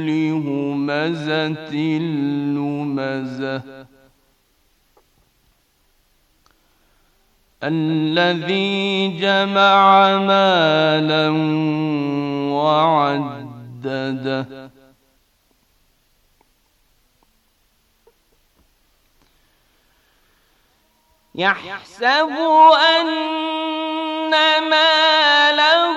كل همزة لمزة الذي جمع مالا وعدده يحسب أن ماله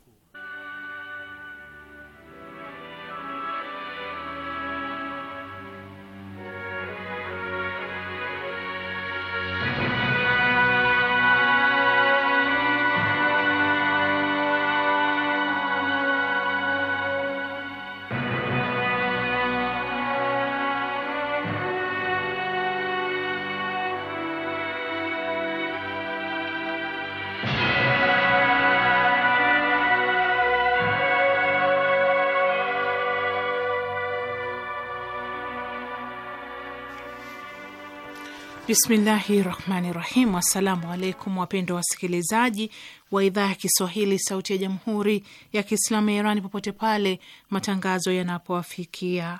Bismillahi rahmani rahim. Assalamu alaikum wapendwa wasikilizaji wa idhaa ya Kiswahili sauti ya jamhuri ya Kiislamu ya Iran popote pale matangazo yanapowafikia,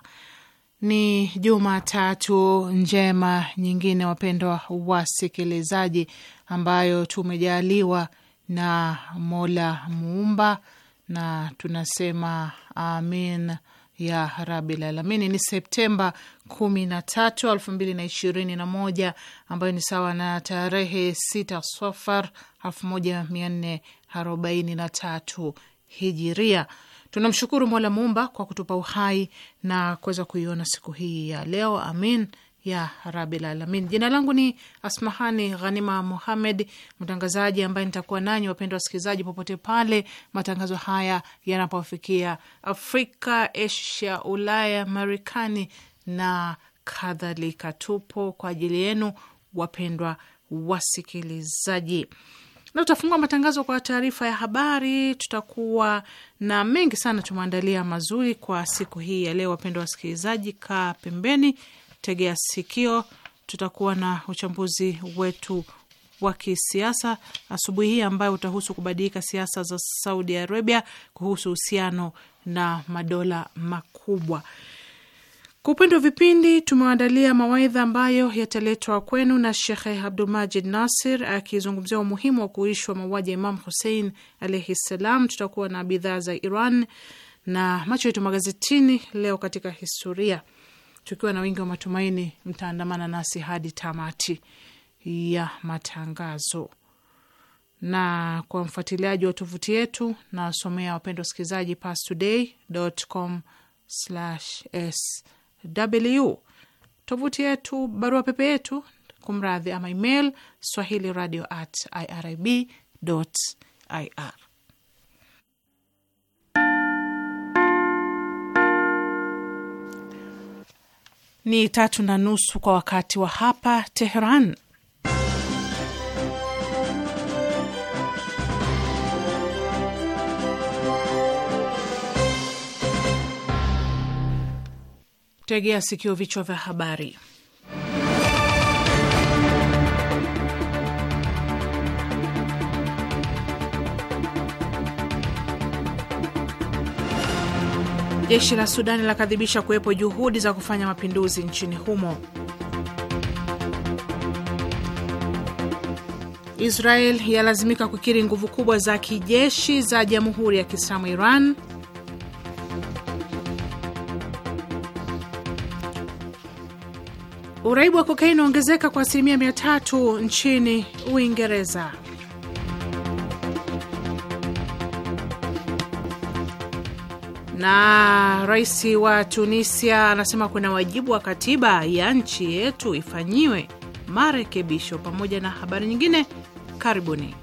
ni Jumatatu njema nyingine wapendwa wasikilizaji, ambayo tumejaliwa na Mola Muumba, na tunasema amin ya Rabil Alamini. Ni Septemba kumi na tatu alfu mbili na ishirini na moja ambayo ni sawa na tarehe sita Safar alfu moja mia nne arobaini na tatu hijiria. Tunamshukuru Mola Muumba kwa kutupa uhai na kuweza kuiona siku hii ya leo. Amin ya Rabil Alamin. Jina langu ni Asmahani Ghanima Muhamed, mtangazaji ambaye nitakuwa nanyi, wapendwa wasikilizaji, popote pale matangazo haya yanapofikia, Afrika, Asia, Ulaya, Marekani na kadhalika. Tupo kwa ajili yenu, wapendwa wasikilizaji, na tutafungua matangazo kwa taarifa ya habari. Tutakuwa na mengi sana tumeandalia mazuri kwa siku hii ya leo, wapendwa wasikilizaji, kaa pembeni tegea sikio, tutakuwa na uchambuzi wetu wa kisiasa asubuhi hii ambayo utahusu kubadilika siasa za Saudi Arabia kuhusu uhusiano na madola makubwa. Kwa upande wa vipindi tumewaandalia mawaidha ambayo yataletwa kwenu na Shekhe Abdulmajid Nasir akizungumzia umuhimu wa kuishwa mauaji ya Imam husein alaihi ssalam. Tutakuwa na bidhaa za Iran na macho yetu magazetini, leo katika historia tukiwa na wingi wa matumaini mtaandamana nasi hadi tamati ya matangazo. Na kwa mfuatiliaji wa tovuti yetu, nawasomea wapendwa wasikilizaji pastoday.com/sw, tovuti yetu, barua pepe yetu, kumradhi, ama email swahili radio at irib.ir ni tatu na nusu kwa wakati wa hapa Teheran. Tegea sikio, vichwa vya habari. Jeshi la Sudani lakadhibisha kuwepo juhudi za kufanya mapinduzi nchini humo. Israel yalazimika kukiri nguvu kubwa za kijeshi za Jamhuri ya Kiislamu Iran. Uraibu wa kokaini unaongezeka kwa asilimia mia tatu nchini Uingereza. Na rais wa Tunisia anasema kuna wajibu wa katiba ya nchi yetu ifanyiwe marekebisho, pamoja na habari nyingine. Karibuni.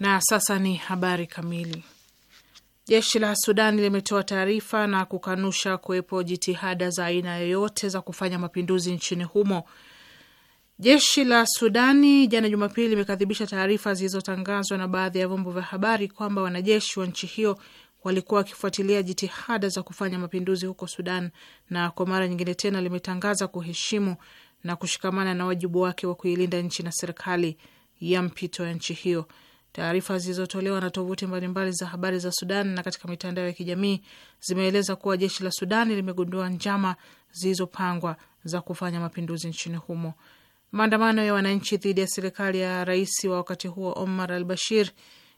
Na sasa ni habari kamili. Jeshi la Sudani limetoa taarifa na kukanusha kuwepo jitihada za aina yoyote za kufanya mapinduzi nchini humo Jeshi la Sudani jana Jumapili limekadhibisha taarifa zilizotangazwa na baadhi ya vyombo vya habari kwamba wanajeshi wa nchi hiyo walikuwa wakifuatilia jitihada za kufanya mapinduzi huko Sudan, na kwa mara nyingine tena limetangaza kuheshimu na kushikamana na wajibu wake wa kuilinda nchi na serikali ya mpito ya nchi hiyo. Taarifa zilizotolewa na tovuti mbalimbali za habari za Sudan na katika mitandao ya kijamii zimeeleza kuwa jeshi la Sudani limegundua njama zilizopangwa za kufanya mapinduzi nchini humo. Maandamano ya wananchi dhidi ya serikali ya rais wa wakati huo Omar al Bashir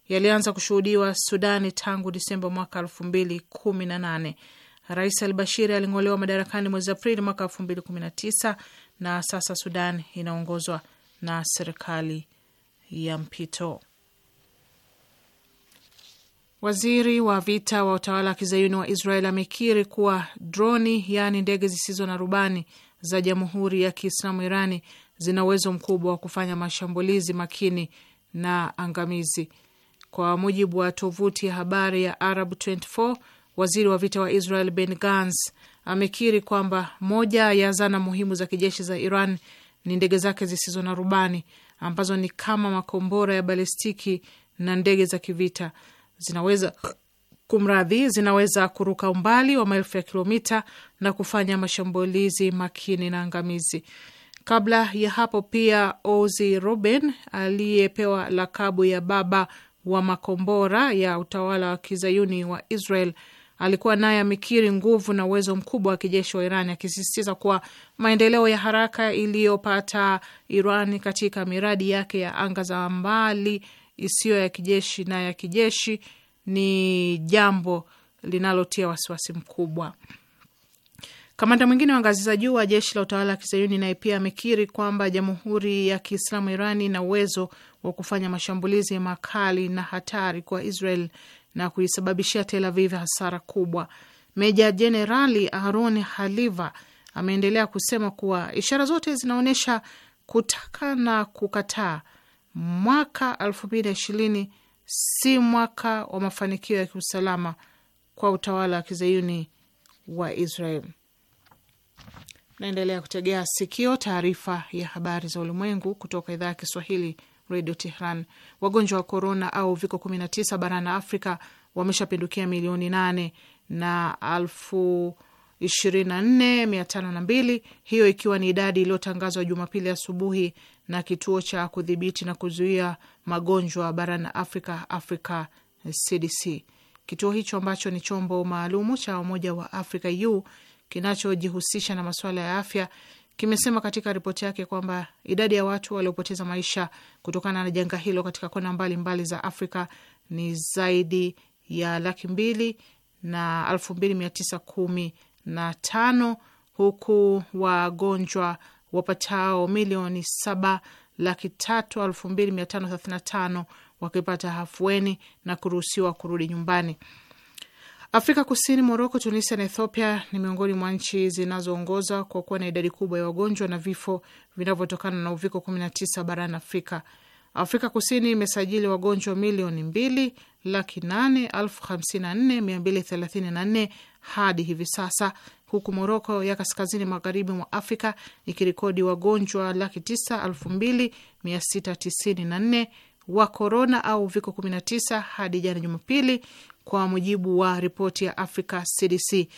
yalianza kushuhudiwa Sudani tangu Disemba mwaka elfu mbili kumi na nane. Rais al Bashir aling'olewa madarakani mwezi Aprili mwaka elfu mbili kumi na tisa na sasa Sudan inaongozwa na serikali ya mpito. Waziri wa vita wa utawala wa kizayuni wa Israel amekiri kuwa droni, yaani ndege zisizo na rubani za jamhuri ya kiislamu Irani zina uwezo mkubwa wa kufanya mashambulizi makini na angamizi. Kwa mujibu wa tovuti ya habari ya Arab 24, waziri wa vita wa Israel Ben Gans amekiri kwamba moja ya zana muhimu za kijeshi za Iran ni ndege zake zisizo na rubani ambazo ni kama makombora ya balistiki na ndege za kivita zinaweza kumradhi, zinaweza kuruka umbali wa maelfu ya kilomita na kufanya mashambulizi makini na angamizi. Kabla ya hapo pia Ozi Ruben aliyepewa lakabu ya baba wa makombora ya utawala wa kizayuni wa Israel alikuwa naye amekiri nguvu na uwezo mkubwa wa kijeshi wa Iran, akisisitiza kuwa maendeleo ya haraka iliyopata Iran katika miradi yake ya anga za mbali isiyo ya kijeshi na ya kijeshi ni jambo linalotia wasiwasi mkubwa. Kamanda mwingine wa ngazi za juu wa jeshi la utawala wa kizayuni naye pia amekiri kwamba jamhuri ya Kiislamu Iran ina uwezo wa kufanya mashambulizi makali na hatari kwa Israel na kuisababishia Tel Aviv hasara kubwa. Meja Jenerali Aron Haliva ameendelea kusema kuwa ishara zote zinaonyesha kutaka na kukataa, mwaka elfu mbili na ishirini si mwaka wa mafanikio ya kiusalama kwa utawala wa kizayuni wa Israel. Naendelea kutegea sikio taarifa ya habari za ulimwengu kutoka idhaa ya Kiswahili redio Tehran. Wagonjwa wa korona au uviko 19 barani Afrika wameshapindukia milioni 8 na elfu 24502 hiyo ikiwa ni idadi iliyotangazwa Jumapili asubuhi na kituo cha kudhibiti na kuzuia magonjwa barani Afrika, Africa CDC. Kituo hicho ambacho ni chombo maalumu cha Umoja wa Afrika u kinachojihusisha na masuala ya afya kimesema katika ripoti yake kwamba idadi ya watu waliopoteza maisha kutokana na janga hilo katika kona mbalimbali za Afrika ni zaidi ya laki mbili na alfu mbili mia tisa kumi na tano huku wagonjwa wapatao milioni saba laki tatu alfu mbili mia tano thelathini na tano wakipata hafueni na kuruhusiwa kurudi nyumbani. Afrika Kusini, Moroko, Tunisia na Ethiopia ni miongoni mwa nchi zinazoongoza kwa kuwa na idadi kubwa ya wagonjwa na vifo vinavyotokana na uviko 19 barani Afrika. Afrika Kusini imesajili wagonjwa milioni mbili laki nane elfu hamsini na nne mia mbili thelathini na nne hadi hivi sasa, huku Moroko ya kaskazini magharibi mwa Afrika ikirekodi wagonjwa laki tisa elfu mbili mia sita tisini na nne wa korona au uviko 19 hadi jana Jumapili, kwa mujibu wa ripoti ya Africa CDC.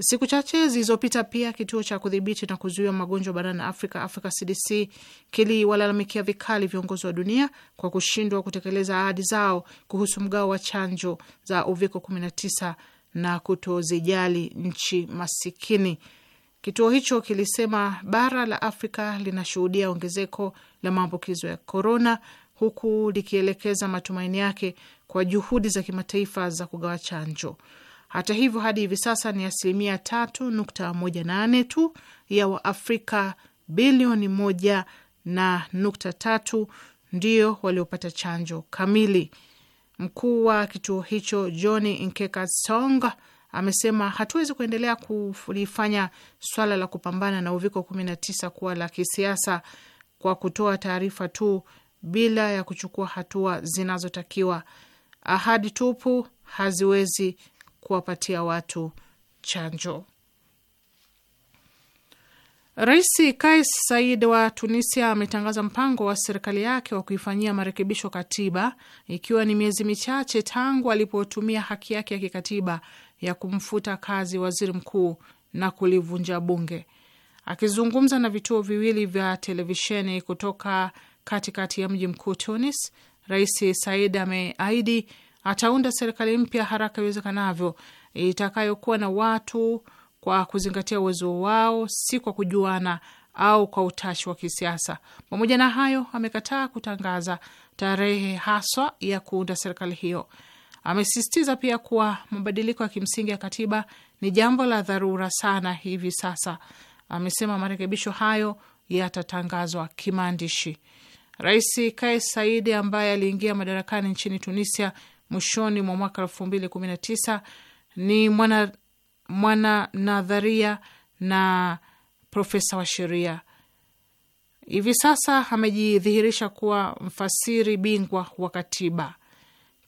Siku chache zilizopita pia kituo cha kudhibiti na kuzuia magonjwa barani Afrika, Africa CDC, kiliwalalamikia vikali viongozi wa dunia kwa kushindwa kutekeleza ahadi zao kuhusu mgao wa chanjo za uviko 19 na kutozijali nchi masikini. Kituo hicho kilisema bara la Afrika linashuhudia ongezeko la maambukizo ya korona, huku likielekeza matumaini yake kwa juhudi za kimataifa za kugawa chanjo. Hata hivyo, hadi hivi sasa ni asilimia tatu tu ya Waafrika bilioni moj na nukta tatu ndio waliopata chanjo kamili. Mkuu wa kituo hicho John Nkekasong amesema hatuwezi kuendelea kulifanya swala la kupambana na uviko 19 kuwa la kisiasa kwa kutoa taarifa tu bila ya kuchukua hatua zinazotakiwa. Ahadi tupu haziwezi kuwapatia watu chanjo. Rais Kais Said wa Tunisia ametangaza mpango wa serikali yake wa kuifanyia marekebisho katiba ikiwa ni miezi michache tangu alipotumia haki yake ya kikatiba ya kumfuta kazi waziri mkuu na kulivunja bunge. Akizungumza na vituo viwili vya televisheni kutoka katikati ya mji mkuu Tunis, Rais Said ameahidi ataunda serikali mpya haraka iwezekanavyo itakayokuwa na watu kwa kuzingatia uwezo wao, si kwa kujuana au kwa utashi wa kisiasa. Pamoja na hayo, amekataa kutangaza tarehe haswa ya kuunda serikali hiyo. Amesisitiza pia kuwa mabadiliko ya kimsingi ya katiba ni jambo la dharura sana hivi sasa. Amesema marekebisho hayo yatatangazwa kimaandishi. Rais Kais Saidi ambaye aliingia madarakani nchini Tunisia mwishoni mwa mwaka elfu mbili kumi na tisa ni mwana, mwana nadharia na profesa wa sheria. Hivi sasa amejidhihirisha kuwa mfasiri bingwa wa katiba.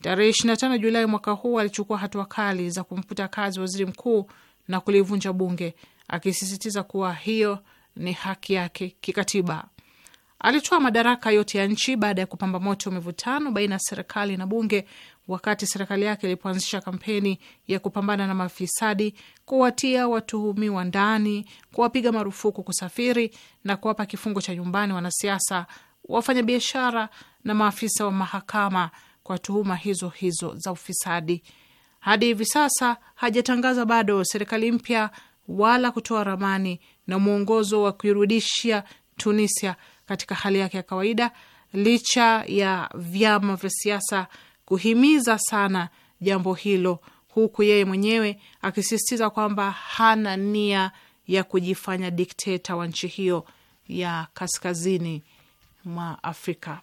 Tarehe tano Julai mwaka huu alichukua hatua kali za kumfuta kazi waziri mkuu na kulivunja bunge, akisisitiza kuwa hiyo ni haki yake kikatiba. Alitoa madaraka yote ya nchi baada ya kupamba moto mivutano baina ya serikali na bunge wakati serikali yake ilipoanzisha kampeni ya kupambana na mafisadi, kuwatia watuhumiwa ndani, kuwapiga marufuku kusafiri na kuwapa kifungo cha nyumbani wanasiasa, wafanyabiashara na maafisa wa mahakama kwa tuhuma hizo hizo za ufisadi. Hadi hivi sasa hajatangaza bado serikali mpya wala kutoa ramani na mwongozo wa kuirudishia Tunisia katika hali yake ya kawaida, licha ya vyama vya siasa kuhimiza sana jambo hilo, huku yeye mwenyewe akisisitiza kwamba hana nia ya kujifanya dikteta wa nchi hiyo ya kaskazini mwa Afrika.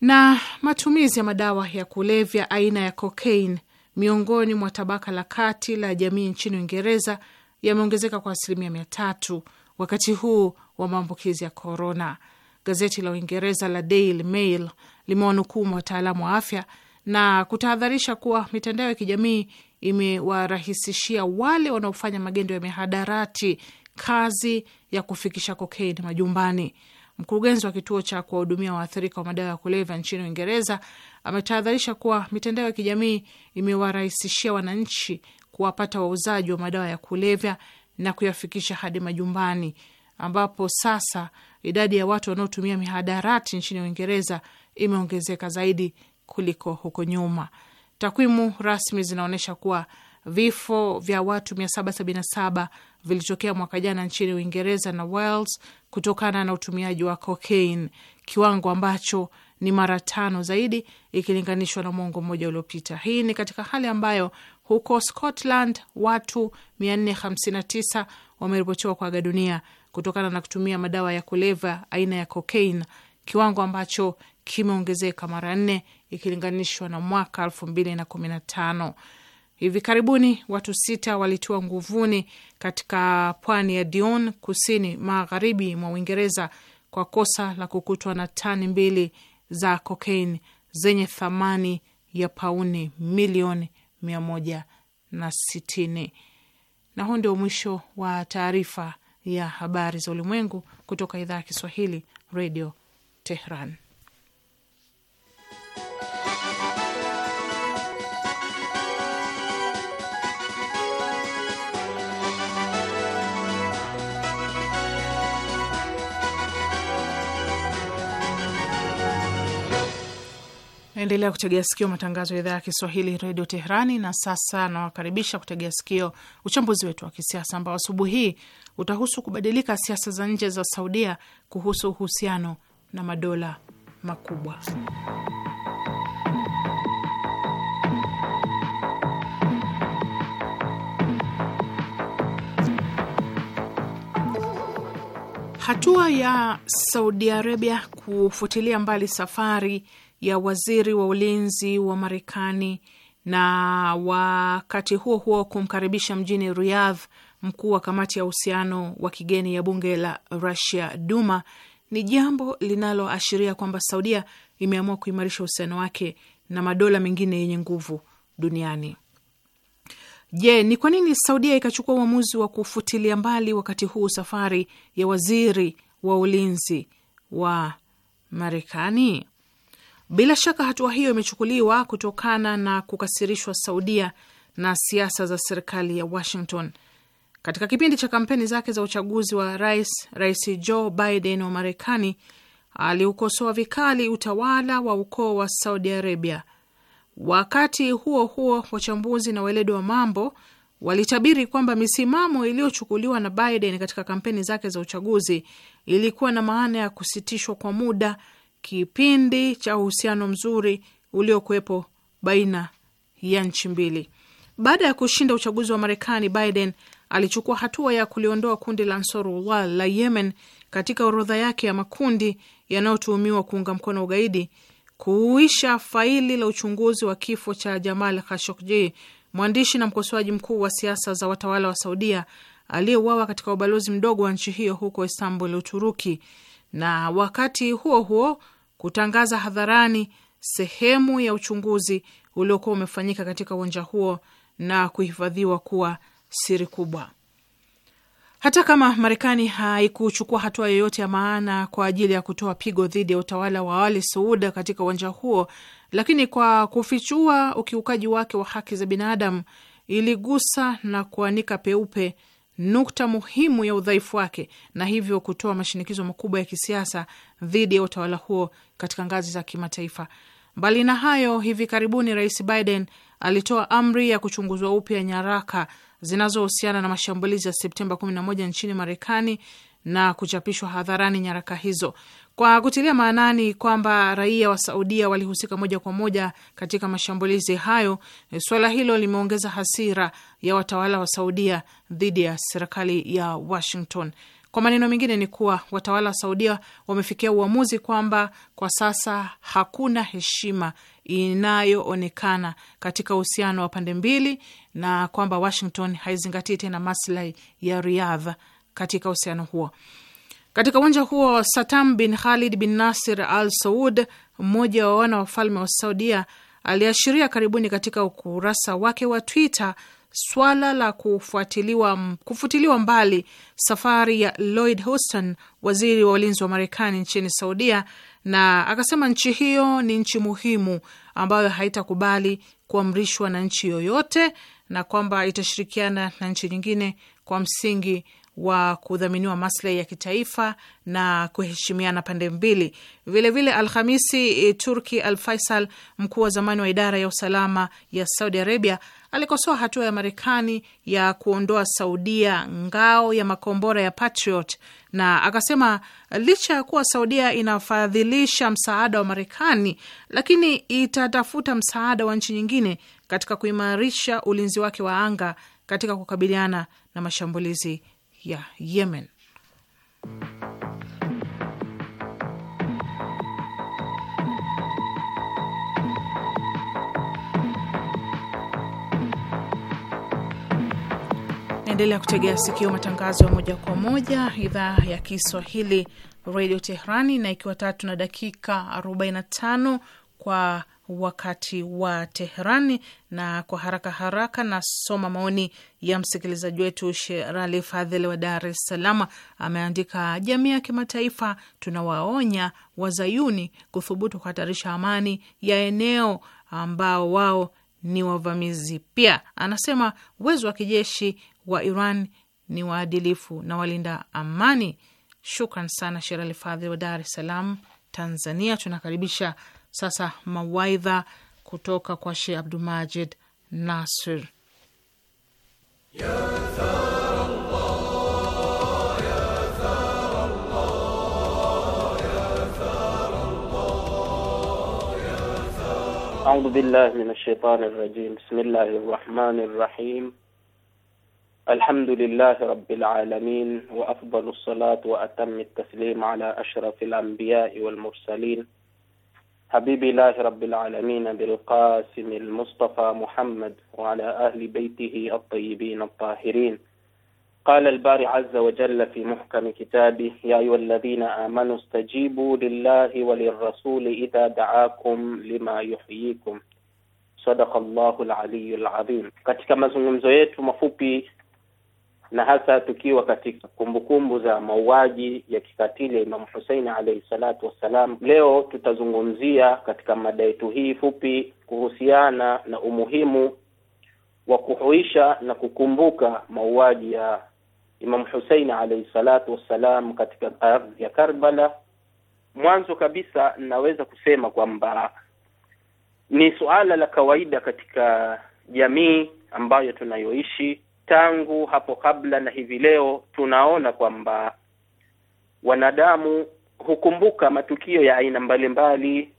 Na matumizi ya madawa ya kulevya aina ya kokaini miongoni mwa tabaka la kati la jamii nchini Uingereza yameongezeka kwa asilimia mia tatu wakati huu wa maambukizi ya korona. Gazeti la Uingereza la Daily Mail limewanukuu wataalamu wa afya na kutahadharisha kuwa mitandao ya kijamii imewarahisishia wale wanaofanya magendo ya mihadarati kazi ya kufikisha kokeini majumbani. Mkurugenzi wa kituo cha kuwahudumia waathirika wa madawa ya kulevya nchini Uingereza ametahadharisha kuwa mitandao ya kijamii imewarahisishia wananchi kuwapata wauzaji wa madawa ya kulevya na kuyafikisha hadi majumbani ambapo sasa idadi ya watu wanaotumia mihadarati nchini Uingereza imeongezeka zaidi kuliko huko nyuma. Takwimu rasmi zinaonyesha kuwa vifo vya watu 777 vilitokea mwaka jana nchini Uingereza na Wales kutokana na utumiaji wa cocaine, kiwango ambacho ni mara tano zaidi ikilinganishwa na mwongo mmoja uliopita. Hii ni katika hali ambayo huko Scotland watu 459 wameripotiwa kuaga dunia kutokana na kutumia madawa ya kulevya aina ya kokeini, kiwango ambacho kimeongezeka mara nne ikilinganishwa na mwaka elfu mbili na kumi na tano. Hivi karibuni watu sita walitiwa nguvuni katika pwani ya Dion kusini magharibi mwa Uingereza kwa kosa la kukutwa na tani mbili za kokeini zenye thamani ya pauni milioni mia moja na sitini. Na huu ndio mwisho wa taarifa ya habari za ulimwengu kutoka idhaa ya Kiswahili, Redio Tehran. Endelea kutegea sikio matangazo ya idhaa ya Kiswahili redio Teherani. Na sasa nawakaribisha kutegea sikio uchambuzi wetu wa kisiasa ambao asubuhi hii utahusu kubadilika siasa za nje za Saudia kuhusu uhusiano na madola makubwa. Hatua ya Saudi Arabia kufutilia mbali safari ya waziri wa ulinzi wa Marekani na wakati huo huo kumkaribisha mjini Riyadh mkuu wa kamati ya uhusiano wa kigeni ya bunge la rusia Duma ni jambo linaloashiria kwamba Saudia imeamua kuimarisha uhusiano wake na madola mengine yenye nguvu duniani. Je, ni kwa nini Saudia ikachukua uamuzi wa kufutilia mbali wakati huu safari ya waziri wa ulinzi wa Marekani? Bila shaka hatua hiyo imechukuliwa kutokana na kukasirishwa Saudia na siasa za serikali ya Washington. Katika kipindi cha kampeni zake za uchaguzi wa rais, Rais Joe Biden wa Marekani aliukosoa vikali utawala wa ukoo wa Saudi Arabia. Wakati huo huo, wachambuzi na weledi wa mambo walitabiri kwamba misimamo iliyochukuliwa na Biden katika kampeni zake za uchaguzi ilikuwa na maana ya kusitishwa kwa muda kipindi cha uhusiano mzuri uliokuwepo baina ya nchi mbili. Baada ya kushinda uchaguzi wa Marekani, Biden alichukua hatua ya kuliondoa kundi la Ansarullah la Yemen katika orodha yake ya makundi yanayotuhumiwa kuunga mkono ugaidi, kuuisha faili la uchunguzi wa kifo cha Jamal Khashoggi, mwandishi na mkosoaji mkuu wa siasa za watawala wa Saudia aliyeuawa katika ubalozi mdogo wa nchi hiyo huko Istanbul, Uturuki. Na wakati huo huo kutangaza hadharani sehemu ya uchunguzi uliokuwa umefanyika katika uwanja huo na kuhifadhiwa kuwa siri kubwa. Hata kama Marekani haikuchukua hatua yoyote ya maana kwa ajili ya kutoa pigo dhidi ya utawala wa Ali Suuda katika uwanja huo, lakini kwa kufichua ukiukaji wake wa haki za binadamu iligusa na kuanika peupe nukta muhimu ya udhaifu wake na hivyo kutoa mashinikizo makubwa ya kisiasa dhidi ya utawala huo katika ngazi za kimataifa. Mbali na hayo, hivi karibuni Rais Biden alitoa amri ya kuchunguzwa upya nyaraka zinazohusiana na mashambulizi ya Septemba 11 nchini Marekani na kuchapishwa hadharani nyaraka hizo kwa kutilia maanani kwamba raia wa Saudia walihusika moja kwa moja katika mashambulizi hayo. Suala hilo limeongeza hasira ya watawala wa Saudia dhidi ya serikali ya Washington. Kwa maneno mengine ni kuwa watawala wa Saudia wamefikia uamuzi kwamba kwa sasa hakuna heshima inayoonekana katika uhusiano wa pande mbili na kwamba Washington haizingatii tena maslahi ya Riyadh katika uhusiano huo. Katika uwanja huo, Satam bin Khalid bin Nasir al Saud, mmoja wa wana wafalme wa Saudia, aliashiria karibuni katika ukurasa wake wa Twitter swala la kufuatiliwa, kufutiliwa mbali safari ya Lloyd Houston, waziri wa ulinzi wa Marekani nchini Saudia, na akasema nchi hiyo ni nchi muhimu ambayo haitakubali kuamrishwa na nchi yoyote na kwamba itashirikiana na nchi nyingine kwa msingi wa kudhaminiwa maslahi ya kitaifa na kuheshimiana pande mbili. Vilevile Alhamisi, eh, Turki Al Faisal, mkuu wa zamani wa idara ya usalama ya Saudi Arabia, alikosoa hatua ya Marekani ya kuondoa Saudia ngao ya makombora ya Patriot na akasema licha ya kuwa Saudia inafadhilisha msaada wa Marekani, lakini itatafuta msaada wa nchi nyingine katika kuimarisha ulinzi wake wa anga katika kukabiliana na mashambulizi ya Yemen. Naendelea kutegea sikio matangazo ya moja kwa moja idhaa ya Kiswahili redio Teherani, na ikiwa tatu na dakika 45 kwa wakati wa Teherani. Na kwa haraka haraka nasoma maoni ya msikilizaji wetu Sherali Fadhili wa Dar es Salaam. Ameandika, jamii ya kimataifa, tunawaonya wazayuni kuthubutu kuhatarisha amani ya eneo ambao wao ni wavamizi. Pia anasema uwezo wa kijeshi wa Iran ni waadilifu na walinda amani. Shukran sana Sherali Fadhili wa Dar es Salaam, Tanzania. Tunakaribisha sasa mawaidha kutoka kwa Sheh Abdulmajid Nasir. Audhu billahi min shaitani rajim. Bismillahi rahmani rahim الحمد لله رب العالمين وأفضل الصلاة وأتم التسليم على أشرف الأنبياء والمرسلين حبيب الله رب العالمين بالقاسم المصطفى محمد وعلى أهل بيته الطيبين الطاهرين قال الباري عز وجل في محكم كتابه يا أيها الذين آمنوا استجيبوا لله وللرسول إذا دعاكم لما يحييكم صدق الله العلي العظيم katika mazungumzo yetu mafupi na hasa tukiwa katika kumbukumbu za mauaji ya kikatili ya Imamu Huseini alaihi salatu wassalam. Leo tutazungumzia katika mada yetu hii fupi kuhusiana na umuhimu wa kuhuisha na kukumbuka mauaji ya Imamu Huseini alaihi salatu wassalam katika ardhi ya Karbala. Mwanzo kabisa, naweza kusema kwamba ni suala la kawaida katika jamii ambayo tunayoishi tangu hapo kabla na hivi leo tunaona kwamba wanadamu hukumbuka matukio ya aina mbalimbali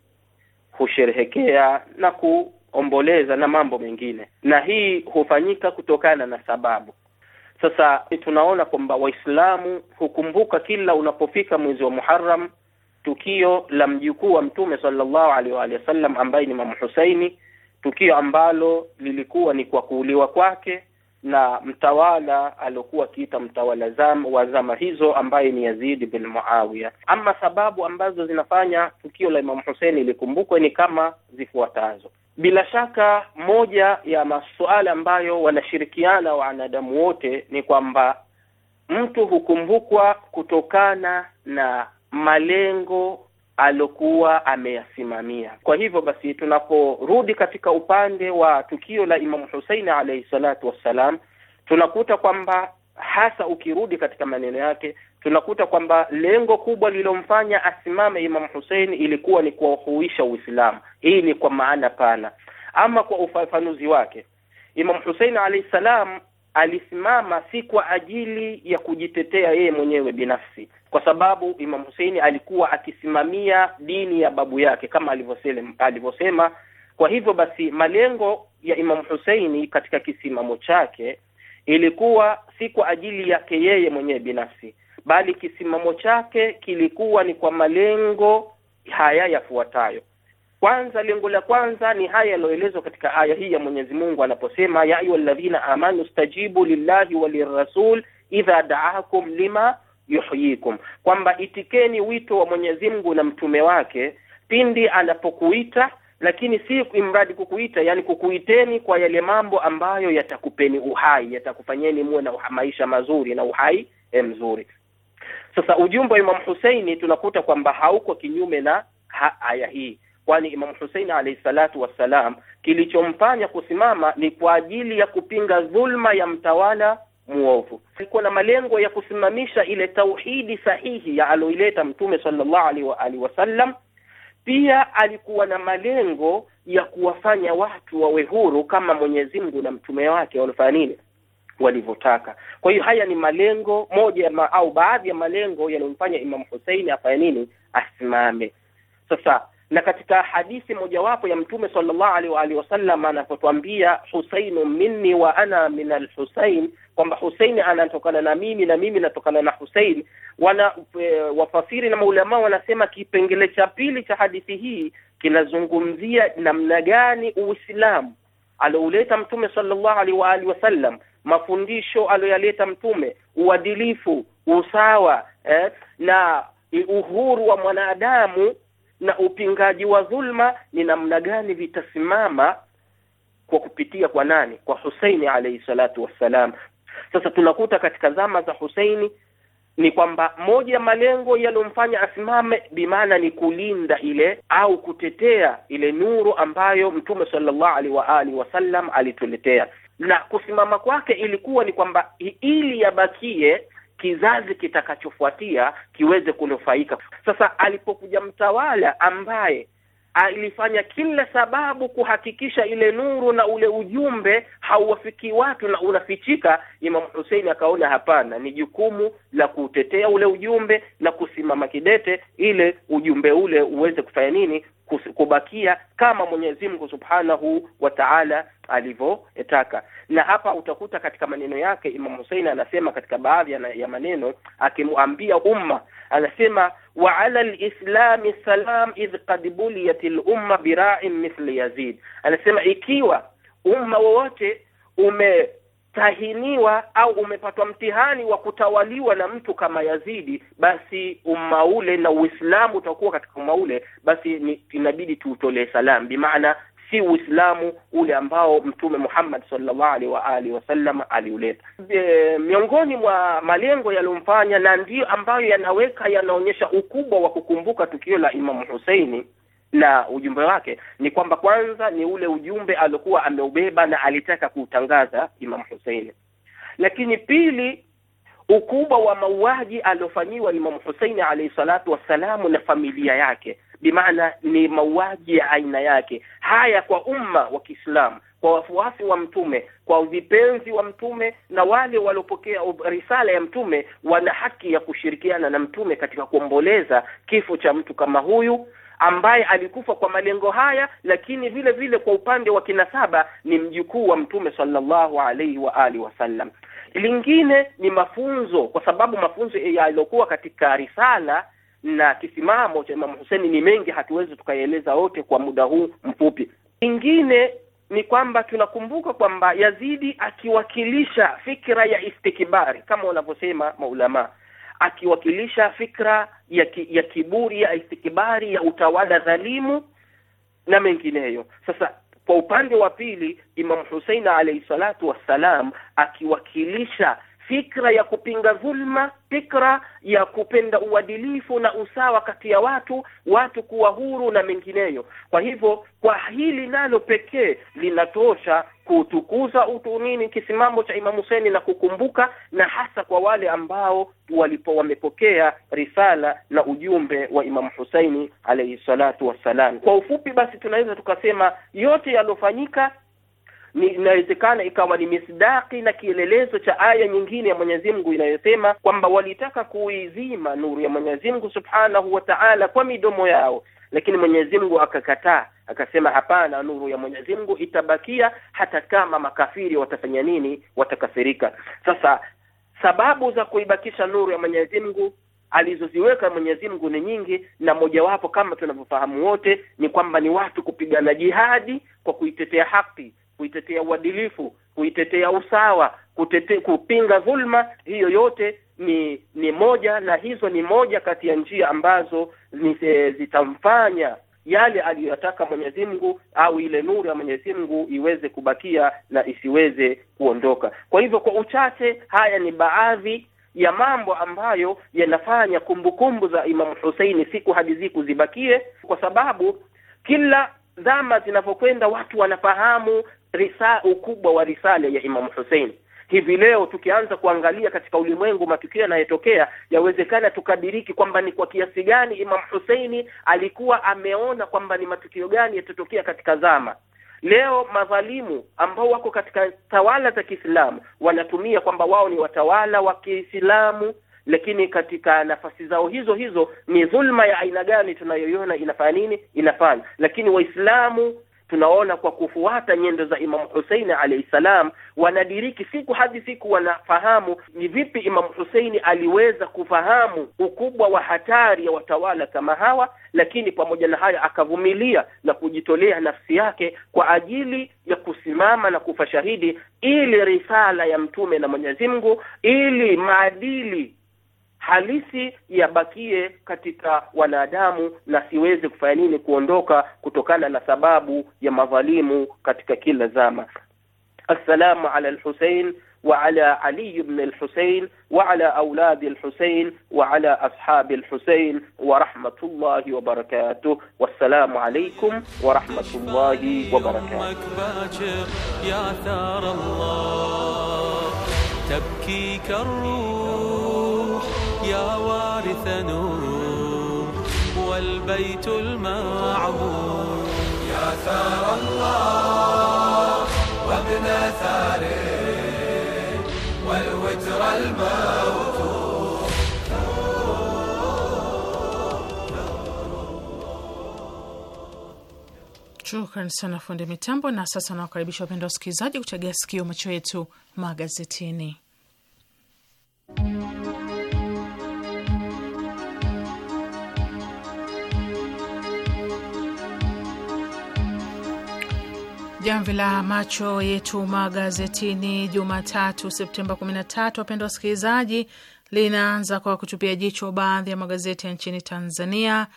husherehekea na kuomboleza na mambo mengine na hii hufanyika kutokana na sababu sasa tunaona kwamba waislamu hukumbuka kila unapofika mwezi wa muharam tukio la mjukuu wa mtume sallallahu alaihi wasallam ambaye ni mamu husaini tukio ambalo lilikuwa ni kwa kuuliwa kwake na mtawala aliokuwa akiita mtawala zama, wa zama hizo ambaye ni Yazid bin Muawiya. Ama sababu ambazo zinafanya tukio la Imamu Hussein likumbukwe ni kama zifuatazo. Bila shaka moja ya masuala ambayo wanashirikiana wanadamu wote ni kwamba mtu hukumbukwa kutokana na malengo alokuwa ameyasimamia. Kwa hivyo basi, tunaporudi katika upande wa tukio la Imamu Huseini alayhi salatu wassalam, tunakuta kwamba hasa ukirudi katika maneno yake tunakuta kwamba lengo kubwa lililomfanya asimame Imamu Hussein ilikuwa ni kuwahuisha Uislamu. Hii ni kwa maana pana. Ama kwa ufafanuzi wake, Imamu Hussein alayhi salam alisimama si kwa ajili ya kujitetea yeye mwenyewe binafsi kwa sababu Imam Huseini alikuwa akisimamia dini ya babu yake kama alivyosema. Kwa hivyo basi, malengo ya Imam Huseini katika kisimamo chake ilikuwa si kwa ajili yake yeye mwenyewe binafsi, bali kisimamo chake kilikuwa ni kwa malengo haya yafuatayo. Kwanza, lengo la kwanza ni haya yanayoelezwa katika aya hii ya Mwenyezi Mungu anaposema, ya ayuha alladhina amanu stajibu lillahi walirrasul idha daakum lima yuhyikum, kwamba itikeni wito wa Mwenyezi Mungu na mtume wake pindi anapokuita, lakini si imradi kukuita, yani kukuiteni kwa yale mambo ambayo yatakupeni uhai, yatakufanyeni muwe na maisha mazuri na uhai eh, mzuri. Sasa ujumbe wa Imam Huseini tunakuta kwamba hauko kinyume na aya hii kwani Imamu Husein alayhi salatu wassalam kilichomfanya kusimama ni kwa ajili ya kupinga dhulma ya mtawala muovu. Alikuwa na malengo ya kusimamisha ile tauhidi sahihi ya aloileta Mtume sallallahu alaihi wa alihi wasallam. Pia alikuwa na malengo ya kuwafanya watu wawe huru kama Mwenyezi Mungu na mtume wake walifanya nini, walivyotaka. Kwa hiyo haya ni malengo moja ma, au baadhi ya malengo yaliyomfanya Imam Hussein afanye nini, asimame. Sasa na katika hadithi mojawapo ya Mtume sallallahu alaihi wa alihi wasallam anapotuambia Husainu minni wa ana min alhusain, kwamba Husaini anatokana na mimi na mimi natokana na Husain. Wana e, wafasiri na maulamaa wanasema kipengele cha pili cha hadithi hii kinazungumzia namna gani Uislamu aliouleta Mtume sallallahu alaihi wa alihi wasallam, mafundisho aliyoyaleta Mtume, uadilifu, usawa eh, na uhuru wa mwanadamu na upingaji wa dhulma ni namna gani vitasimama kwa kupitia kwa nani? Kwa Husaini alayhi salatu wassalam. Sasa tunakuta katika zama za Husaini ni kwamba moja ya malengo yaliyomfanya asimame bimaana ni kulinda ile au kutetea ile nuru ambayo Mtume sallallahu alaihi wa ali wasallam alituletea, na kusimama kwake ilikuwa ni kwamba ili yabakie kizazi kitakachofuatia kiweze kunufaika. Sasa alipokuja mtawala ambaye alifanya kila sababu kuhakikisha ile nuru na ule ujumbe hauwafikii watu na unafichika, Imam Hussein akaona hapana, ni jukumu la kuutetea ule ujumbe na kusimama kidete, ile ujumbe ule uweze kufanya nini, kubakia kama Mwenyezi Mungu Subhanahu wa Ta'ala alivyotaka. Na hapa utakuta katika maneno yake Imam Hussein anasema katika baadhi ya maneno akimwambia umma, anasema wa ala lislami salam idh qad buliyat lumma bira'in mithli Yazid, anasema ikiwa umma wowote ume umetahiniwa au umepatwa mtihani wa kutawaliwa na mtu kama Yazidi, basi umma ule na Uislamu utakuwa katika umma ule, basi ni, inabidi tuutolee salam, bimaana si Uislamu ule ambao Mtume Muhammad sallallahu alaihi wa alihi wasallam aliuleta. E, miongoni mwa malengo yaliyomfanya na ndiyo ambayo yanaweka yanaonyesha ukubwa wa kukumbuka tukio la Imamu Huseini na ujumbe wake ni kwamba kwanza ni ule ujumbe aliokuwa ameubeba na alitaka kuutangaza Imam Hussein, lakini pili, ukubwa wa mauaji aliofanyiwa Imam Hussein alayhi salatu wassalamu na familia yake, bimaana ni mauaji ya aina yake. Haya kwa umma wa Kiislamu, kwa wafuasi wa Mtume, kwa vipenzi wa Mtume na wale waliopokea risala ya Mtume, wana haki ya kushirikiana na Mtume katika kuomboleza kifo cha mtu kama huyu ambaye alikufa kwa malengo haya, lakini vile vile kwa upande wa kinasaba ni mjukuu wa Mtume sallallahu alaihi wa ali wasallam. Lingine ni mafunzo, kwa sababu mafunzo yaliyokuwa katika risala na kisimamo cha Imamu Huseni ni mengi, hatuwezi tukaeleza wote kwa muda huu mfupi. Lingine ni kwamba tunakumbuka kwamba Yazidi akiwakilisha fikra ya istikibari kama wanavyosema maulamaa akiwakilisha fikra ya ki, ya kiburi ya istikibari ya utawala dhalimu na mengineyo sasa kwa upande wa pili Imam Husein alayhi salatu wassalam akiwakilisha fikra ya kupinga dhulma, fikra ya kupenda uadilifu na usawa kati ya watu, watu kuwa huru na mengineyo. Kwa hivyo, kwa hili nalo pekee linatosha kutukuza utunini kisimamo cha Imam Huseni na kukumbuka, na hasa kwa wale ambao walipo wamepokea risala na ujumbe wa Imam huseini alayhi salatu wassalam. Kwa ufupi basi, tunaweza tukasema yote yalofanyika inawezekana ikawa ni misdaki na kielelezo cha aya nyingine ya Mwenyezi Mungu inayosema kwamba walitaka kuizima nuru ya Mwenyezi Mungu Subhanahu wa Ta'ala kwa midomo yao, lakini Mwenyezi Mungu akakataa, akasema hapana, nuru ya Mwenyezi Mungu itabakia hata kama makafiri watafanya nini, watakafirika. Sasa sababu za kuibakisha nuru ya Mwenyezi Mungu alizoziweka Mwenyezi Mungu ni nyingi, na mojawapo kama tunavyofahamu wote ni kwamba ni watu kupigana jihadi kwa kuitetea haki kuitetea uadilifu, kuitetea usawa, kutete, kupinga dhulma. Hiyo yote ni ni moja, na hizo ni moja kati ya njia ambazo e, zitamfanya yale aliyoyataka Mwenyezi Mungu au ile nuru ya Mwenyezi Mungu iweze kubakia na isiweze kuondoka. Kwa hivyo, kwa uchache, haya ni baadhi ya mambo ambayo yanafanya kumbukumbu za Imamu Huseini siku hadi siku zibakie, kwa sababu kila dhama zinavyokwenda watu wanafahamu risa ukubwa wa risala ya Imamu Hussein. Hivi leo tukianza kuangalia katika ulimwengu matukio yanayotokea, yawezekana tukadiriki kwamba ni kwa kiasi gani Imam Huseini alikuwa ameona kwamba ni matukio gani yatatokea katika zama. Leo madhalimu ambao wako katika tawala za Kiislamu wanatumia kwamba wao ni watawala wa Kiislamu, lakini katika nafasi zao hizo hizo ni dhulma ya aina gani tunayoiona inafanya nini inafanya, lakini Waislamu tunaona kwa kufuata nyendo za Imam Huseini alaihi ssalam wanadiriki siku hadi siku, wanafahamu ni vipi Imam Huseini aliweza kufahamu ukubwa wa hatari ya watawala kama hawa, lakini pamoja na hayo akavumilia na kujitolea nafsi yake kwa ajili ya kusimama na kufa shahidi, ili risala ya mtume na Mwenyezi Mungu, ili maadili halisi yabakie katika wanadamu na siweze kufanya nini kuondoka kutokana na sababu ya madhalimu katika kila zama. Assalamu ala Alhusain wa ala Ali ibn Alhusain wa ala auladi Alhusain wa ala ashabi Alhusain wa rahmatullahi wa barakatuh. Wassalamu alaikum wa rahmatullahi wa barakatuh. يا وارث نور والبيت المعمور يا ثار الله وابن ثاره والوتر الموتور Shukran sana fundi mitambo. Na sasa nawakaribisha wapendwa wasikilizaji kutegea sikio macho yetu magazetini. Jamvi la macho yetu magazetini Jumatatu Septemba 13, wapendwa wasikilizaji, linaanza kwa kutupia jicho baadhi ya magazeti ya nchini Tanzania.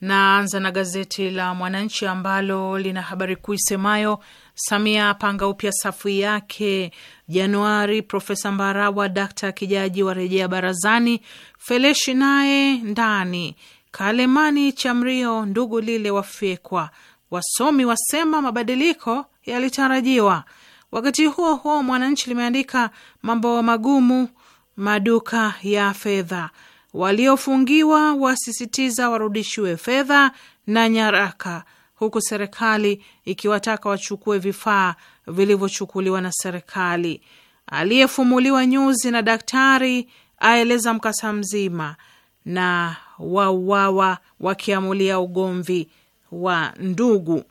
Naanza na gazeti la Mwananchi ambalo lina habari kuu isemayo Samia apanga upya safu yake Januari. Profesa Mbarawa, Dakta Kijaji warejea barazani. Feleshi naye ndani. Kalemani Chamrio, ndugu lile wafyekwa. Wasomi wasema mabadiliko yalitarajiwa. Wakati huo huo, Mwananchi limeandika mambo magumu, maduka ya fedha, waliofungiwa wasisitiza warudishiwe fedha na nyaraka, huku serikali ikiwataka wachukue vifaa vilivyochukuliwa na serikali. Aliyefumuliwa nyuzi na daktari aeleza mkasa mzima, na wauawa wakiamulia ugomvi wa ndugu.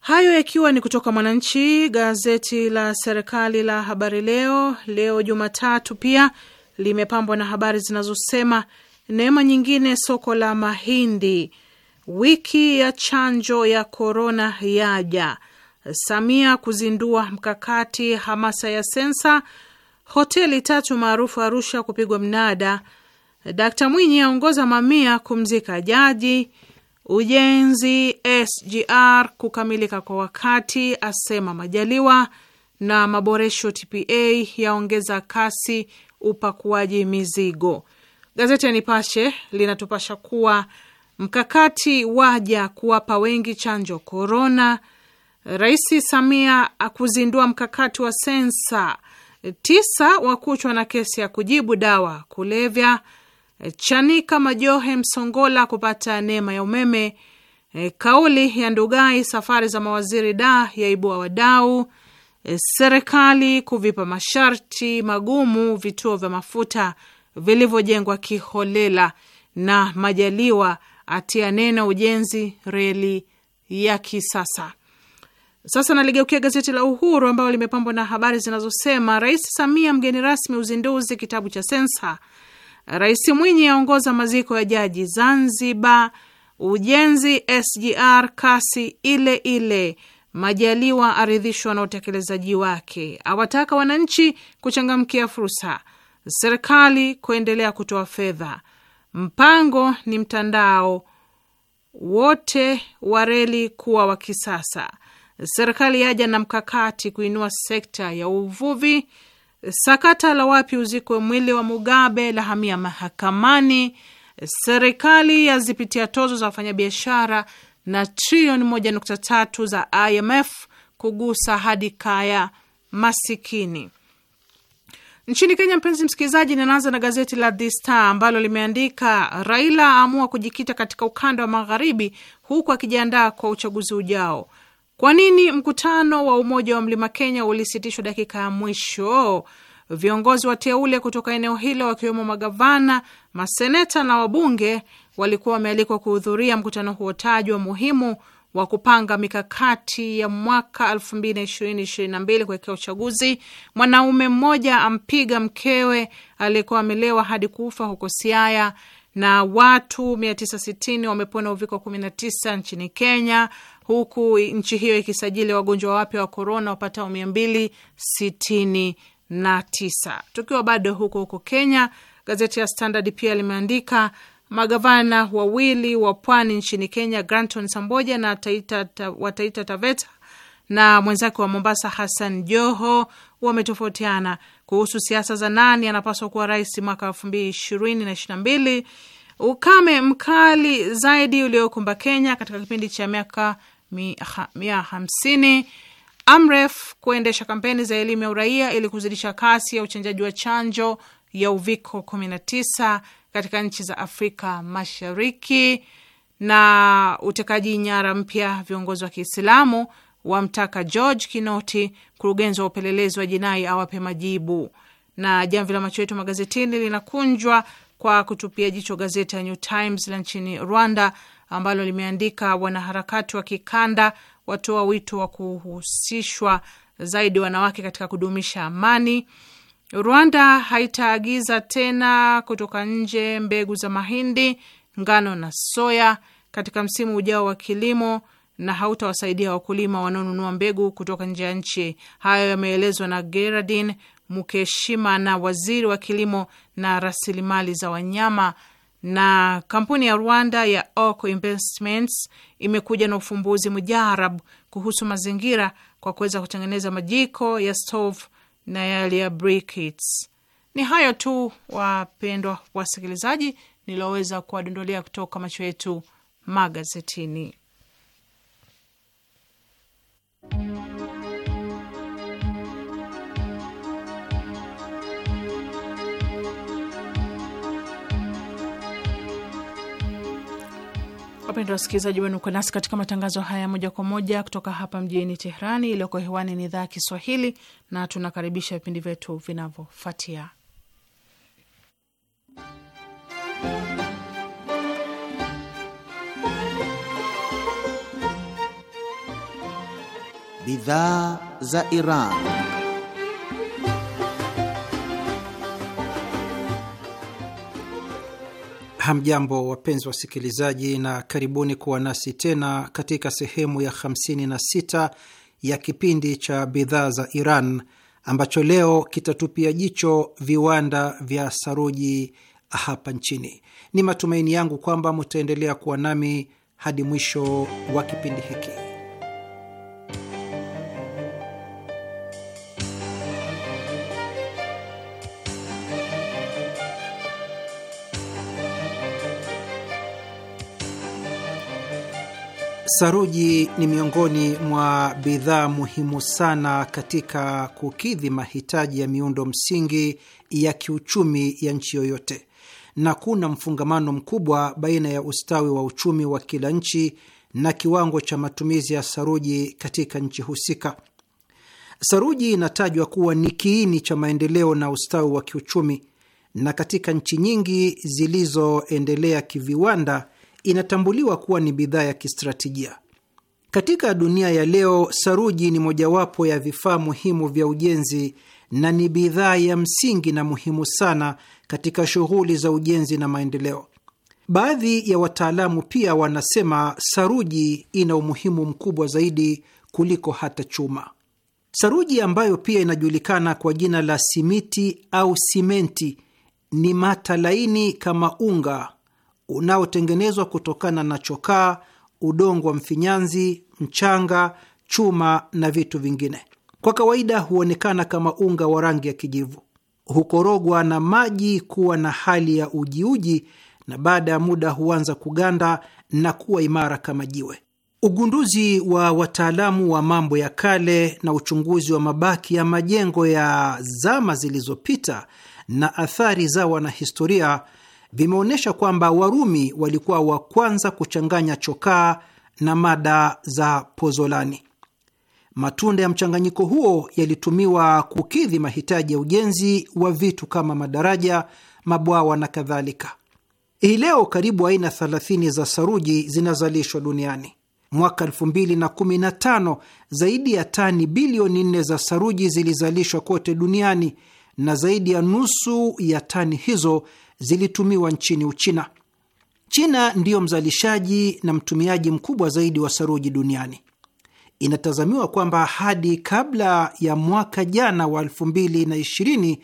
Hayo yakiwa ni kutoka Mwananchi, gazeti la serikali la Habari Leo leo Jumatatu, pia limepambwa na habari zinazosema neema nyingine soko la mahindi, wiki ya chanjo ya korona yaja, Samia kuzindua mkakati hamasa ya sensa, hoteli tatu maarufu Arusha kupigwa mnada, Dkt Mwinyi aongoza mamia kumzika jaji Ujenzi SGR kukamilika kwa wakati, asema Majaliwa. Na maboresho TPA yaongeza kasi upakuaji mizigo. Gazeti ya Nipashe linatupasha kuwa mkakati waja kuwapa wengi chanjo korona. Rais Samia akuzindua mkakati wa sensa. Tisa wakuchwa na kesi ya kujibu dawa kulevya. E, Chanika Majohe Msongola kupata neema ya umeme. E, kauli ya Ndugai, safari za mawaziri da yaibua wadau. E, serikali kuvipa masharti magumu vituo vya mafuta vilivyojengwa kiholela, na Majaliwa atia neno ujenzi reli ya kisasa. Sasa naligeukia gazeti la Uhuru ambayo limepambwa na habari zinazosema Rais Samia mgeni rasmi uzinduzi kitabu cha sensa Rais Mwinyi aongoza maziko ya jaji Zanzibar. Ujenzi SGR kasi ile ile. Majaliwa aridhishwa na utekelezaji wake, awataka wananchi kuchangamkia fursa, serikali kuendelea kutoa fedha. Mpango ni mtandao wote wa reli kuwa wa kisasa. Serikali yaja na mkakati kuinua sekta ya uvuvi. Sakata la wapi uzikwe mwili wa Mugabe la hamia mahakamani. Serikali yazipitia tozo za wafanyabiashara na trilioni moja nukta tatu za IMF kugusa hadi kaya masikini. Nchini Kenya, mpenzi msikilizaji, ninaanza na gazeti la The Star ambalo limeandika Raila aamua kujikita katika ukanda wa magharibi huku akijiandaa kwa uchaguzi ujao. Kwa nini mkutano wa Umoja wa Mlima Kenya ulisitishwa dakika ya mwisho? Viongozi wateule kutoka eneo hilo wakiwemo magavana, maseneta na wabunge walikuwa wamealikwa kuhudhuria mkutano huo tajwa muhimu wa kupanga mikakati ya mwaka 2022 kuelekea uchaguzi. Mwanaume mmoja ampiga mkewe aliyekuwa amelewa hadi kufa huko Siaya, na watu 960 wamepona uviko 19 nchini Kenya, huku nchi hiyo ikisajili wagonjwa wapya wa korona wapatao mia mbili sitini na tisa. Tukiwa bado huko huko Kenya, gazeti ya Standard pia limeandika magavana wawili wa pwani nchini Kenya, Granton Samboja na Taita, ta, wa Taita Taveta na mwenzake wa Mombasa Hassan Joho wametofautiana kuhusu siasa za nani anapaswa kuwa rais mwaka elfu mbili ishirini na ishirini na mbili. Ukame mkali zaidi uliokumba Kenya katika kipindi cha miaka mia hamsini. Amref kuendesha kampeni za elimu ya uraia ili kuzidisha kasi ya uchanjaji wa chanjo ya uviko 19 katika nchi za Afrika Mashariki. Na utekaji nyara mpya, viongozi wa Kiislamu wamtaka George Kinoti, mkurugenzi wa upelelezi wa jinai, awape majibu. Na jamvi la macho yetu magazetini linakunjwa kwa kutupia jicho gazeti ya New Times la nchini Rwanda ambalo limeandika wanaharakati wa kikanda watoa wito wa kuhusishwa zaidi wanawake katika kudumisha amani. Rwanda haitaagiza tena kutoka nje mbegu za mahindi, ngano na soya katika msimu ujao wa kilimo na hautawasaidia wakulima wanaonunua mbegu kutoka nje ya nchi. Hayo yameelezwa na geradin Mukeshima na waziri wa kilimo na rasilimali za wanyama na kampuni ya Rwanda ya Oco Investments imekuja na ufumbuzi mujarab kuhusu mazingira kwa kuweza kutengeneza majiko ya stove na yale ya briquettes. Ni hayo tu, wapendwa wasikilizaji, niloweza kuwadondolea kutoka macho yetu magazetini. Wapendwa wasikilizaji wenu, kwa nasi katika matangazo haya moja kwa moja kutoka hapa mjini Teherani. Iliyoko hewani ni idhaa ya Kiswahili na tunakaribisha vipindi vyetu vinavyofuatia. Bidhaa za Iran. Hamjambo, wapenzi wasikilizaji, na karibuni kuwa nasi tena katika sehemu ya 56 ya kipindi cha bidhaa za Iran ambacho leo kitatupia jicho viwanda vya saruji hapa nchini. Ni matumaini yangu kwamba mutaendelea kuwa nami hadi mwisho wa kipindi hiki. Saruji ni miongoni mwa bidhaa muhimu sana katika kukidhi mahitaji ya miundo msingi ya kiuchumi ya nchi yoyote, na kuna mfungamano mkubwa baina ya ustawi wa uchumi wa kila nchi na kiwango cha matumizi ya saruji katika nchi husika. Saruji inatajwa kuwa ni kiini cha maendeleo na ustawi wa kiuchumi, na katika nchi nyingi zilizoendelea kiviwanda inatambuliwa kuwa ni bidhaa ya kistratejia. Katika dunia ya leo, saruji ni mojawapo ya vifaa muhimu vya ujenzi na ni bidhaa ya msingi na muhimu sana katika shughuli za ujenzi na maendeleo. Baadhi ya wataalamu pia wanasema saruji ina umuhimu mkubwa zaidi kuliko hata chuma. Saruji ambayo pia inajulikana kwa jina la simiti au simenti ni mata laini kama unga unaotengenezwa kutokana na chokaa, udongo wa mfinyanzi, mchanga, chuma na vitu vingine. Kwa kawaida huonekana kama unga wa rangi ya kijivu, hukorogwa na maji kuwa na hali ya ujiuji, na baada ya muda huanza kuganda na kuwa imara kama jiwe. Ugunduzi wa wataalamu wa mambo ya kale na uchunguzi wa mabaki ya majengo ya zama zilizopita na athari za wanahistoria vimeonyesha kwamba Warumi walikuwa wa kwanza kuchanganya chokaa na mada za pozolani. Matunda ya mchanganyiko huo yalitumiwa kukidhi mahitaji ya ujenzi wa vitu kama madaraja, mabwawa na kadhalika. Hii leo karibu aina 30 za saruji zinazalishwa duniani. Mwaka 2015 zaidi ya tani bilioni 4 za saruji zilizalishwa kote duniani na zaidi ya nusu ya tani hizo zilitumiwa nchini Uchina. China ndiyo mzalishaji na mtumiaji mkubwa zaidi wa saruji duniani. Inatazamiwa kwamba hadi kabla ya mwaka jana wa 2020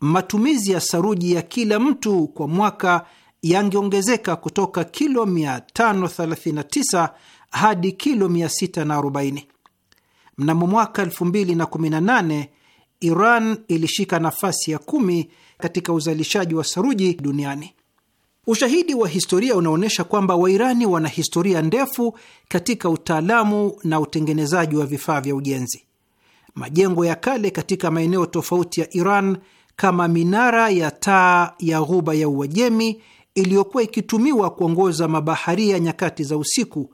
matumizi ya saruji ya kila mtu kwa mwaka yangeongezeka kutoka kilo 539 hadi kilo 640. Mnamo mwaka 2018 Iran ilishika nafasi ya kumi katika uzalishaji wa saruji duniani. Ushahidi wa historia unaonyesha kwamba Wairani wana historia ndefu katika utaalamu na utengenezaji wa vifaa vya ujenzi. Majengo ya kale katika maeneo tofauti ya Iran kama minara ya taa ya Ghuba ya Uajemi iliyokuwa ikitumiwa kuongoza mabaharia nyakati za usiku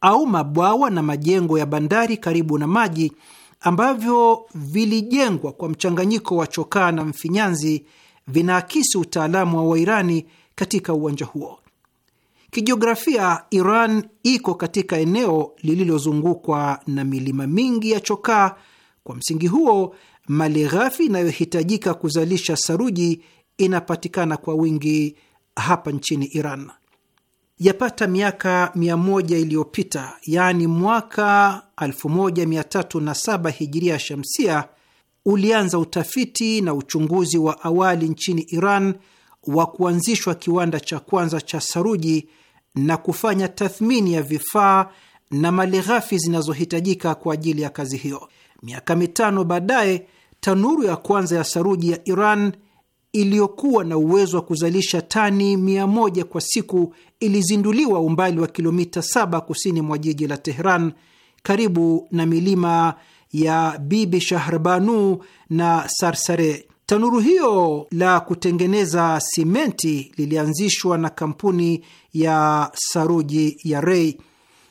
au mabwawa na majengo ya bandari karibu na maji ambavyo vilijengwa kwa mchanganyiko wa chokaa na mfinyanzi vinaakisi utaalamu wa Wairani katika uwanja huo. Kijiografia, Iran iko katika eneo lililozungukwa na milima mingi ya chokaa. Kwa msingi huo, mali ghafi inayohitajika kuzalisha saruji inapatikana kwa wingi hapa nchini Iran. Yapata miaka mia moja iliyopita, yaani mwaka 1307 hijiria shamsia ulianza utafiti na uchunguzi wa awali nchini Iran wa kuanzishwa kiwanda cha kwanza cha saruji na kufanya tathmini ya vifaa na ghafi zinazohitajika kwa ajili ya kazi hiyo. Miaka mitano baadaye, tanuru ya kwanza ya saruji ya Iran iliyokuwa na uwezo wa kuzalisha tani mia moja kwa siku ilizinduliwa umbali wa kilomita 7 kusini mwa jiji la Teheran, karibu na milima ya Bibi Shahrbanu na Sarsare. Tanuru hiyo la kutengeneza simenti lilianzishwa na kampuni ya saruji ya Rei.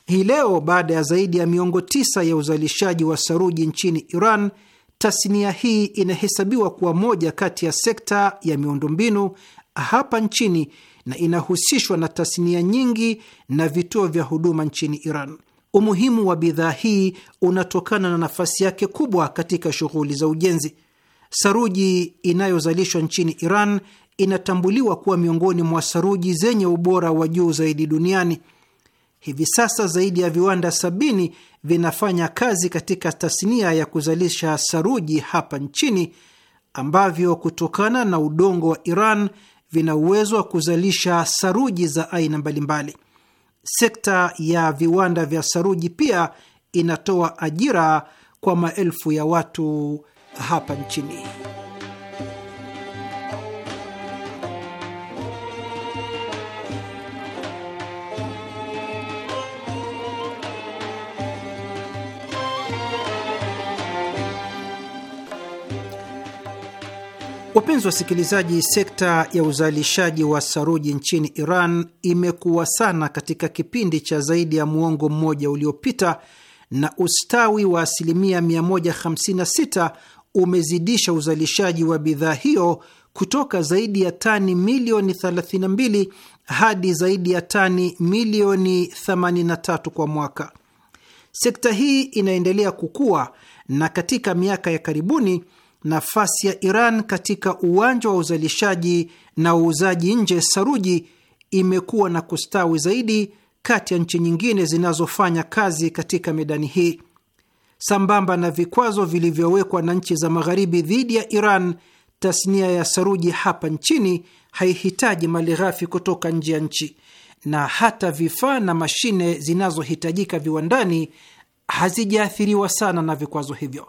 Hii leo baada ya zaidi ya miongo tisa ya uzalishaji wa saruji nchini Iran, tasnia hii inahesabiwa kuwa moja kati ya sekta ya miundombinu hapa nchini na inahusishwa na tasnia nyingi na vituo vya huduma nchini Iran. Umuhimu wa bidhaa hii unatokana na nafasi yake kubwa katika shughuli za ujenzi. Saruji inayozalishwa nchini Iran inatambuliwa kuwa miongoni mwa saruji zenye ubora wa juu zaidi duniani. Hivi sasa zaidi ya viwanda sabini vinafanya kazi katika tasnia ya kuzalisha saruji hapa nchini, ambavyo kutokana na udongo wa Iran vina uwezo wa kuzalisha saruji za aina mbalimbali. Sekta ya viwanda vya saruji pia inatoa ajira kwa maelfu ya watu hapa nchini. Wapenzi wasikilizaji, sekta ya uzalishaji wa saruji nchini Iran imekuwa sana katika kipindi cha zaidi ya muongo mmoja uliopita, na ustawi wa asilimia 156 umezidisha uzalishaji wa bidhaa hiyo kutoka zaidi ya tani milioni 32 hadi zaidi ya tani milioni 83 kwa mwaka. Sekta hii inaendelea kukua na katika miaka ya karibuni nafasi ya Iran katika uwanja wa uzalishaji na uuzaji nje saruji imekuwa na kustawi zaidi kati ya nchi nyingine zinazofanya kazi katika medani hii. Sambamba na vikwazo vilivyowekwa na nchi za Magharibi dhidi ya Iran, tasnia ya saruji hapa nchini haihitaji malighafi kutoka nje ya nchi, na hata vifaa na mashine zinazohitajika viwandani hazijaathiriwa sana na vikwazo hivyo.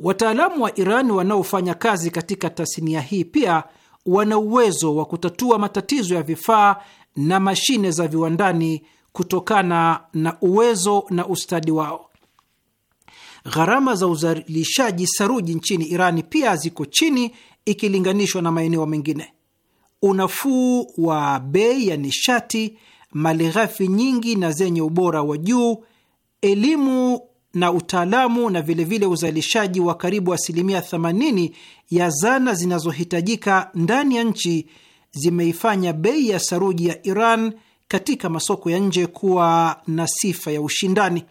Wataalamu wa Iran wanaofanya kazi katika tasnia hii pia wana uwezo wa kutatua matatizo ya vifaa na mashine za viwandani kutokana na uwezo na ustadi wao. Gharama za uzalishaji saruji nchini Irani pia ziko chini ikilinganishwa na maeneo mengine. Unafuu wa bei ya nishati, malighafi nyingi na zenye ubora wa juu, elimu na utaalamu na vilevile vile uzalishaji wa karibu asilimia 80 ya zana zinazohitajika ndani ya nchi zimeifanya bei ya saruji ya Iran katika masoko ya nje kuwa na sifa ya ushindani.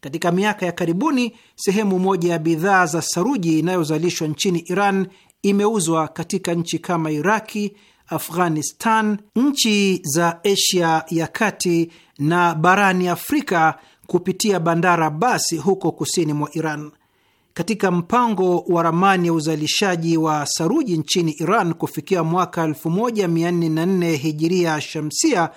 Katika miaka ya karibuni, sehemu moja ya bidhaa za saruji inayozalishwa nchini Iran imeuzwa katika nchi kama Iraki, Afghanistan, nchi za Asia ya kati na barani Afrika kupitia bandara basi huko kusini mwa Iran. Katika mpango wa ramani ya uzalishaji wa saruji nchini Iran kufikia mwaka 1404 hijiria shamsia,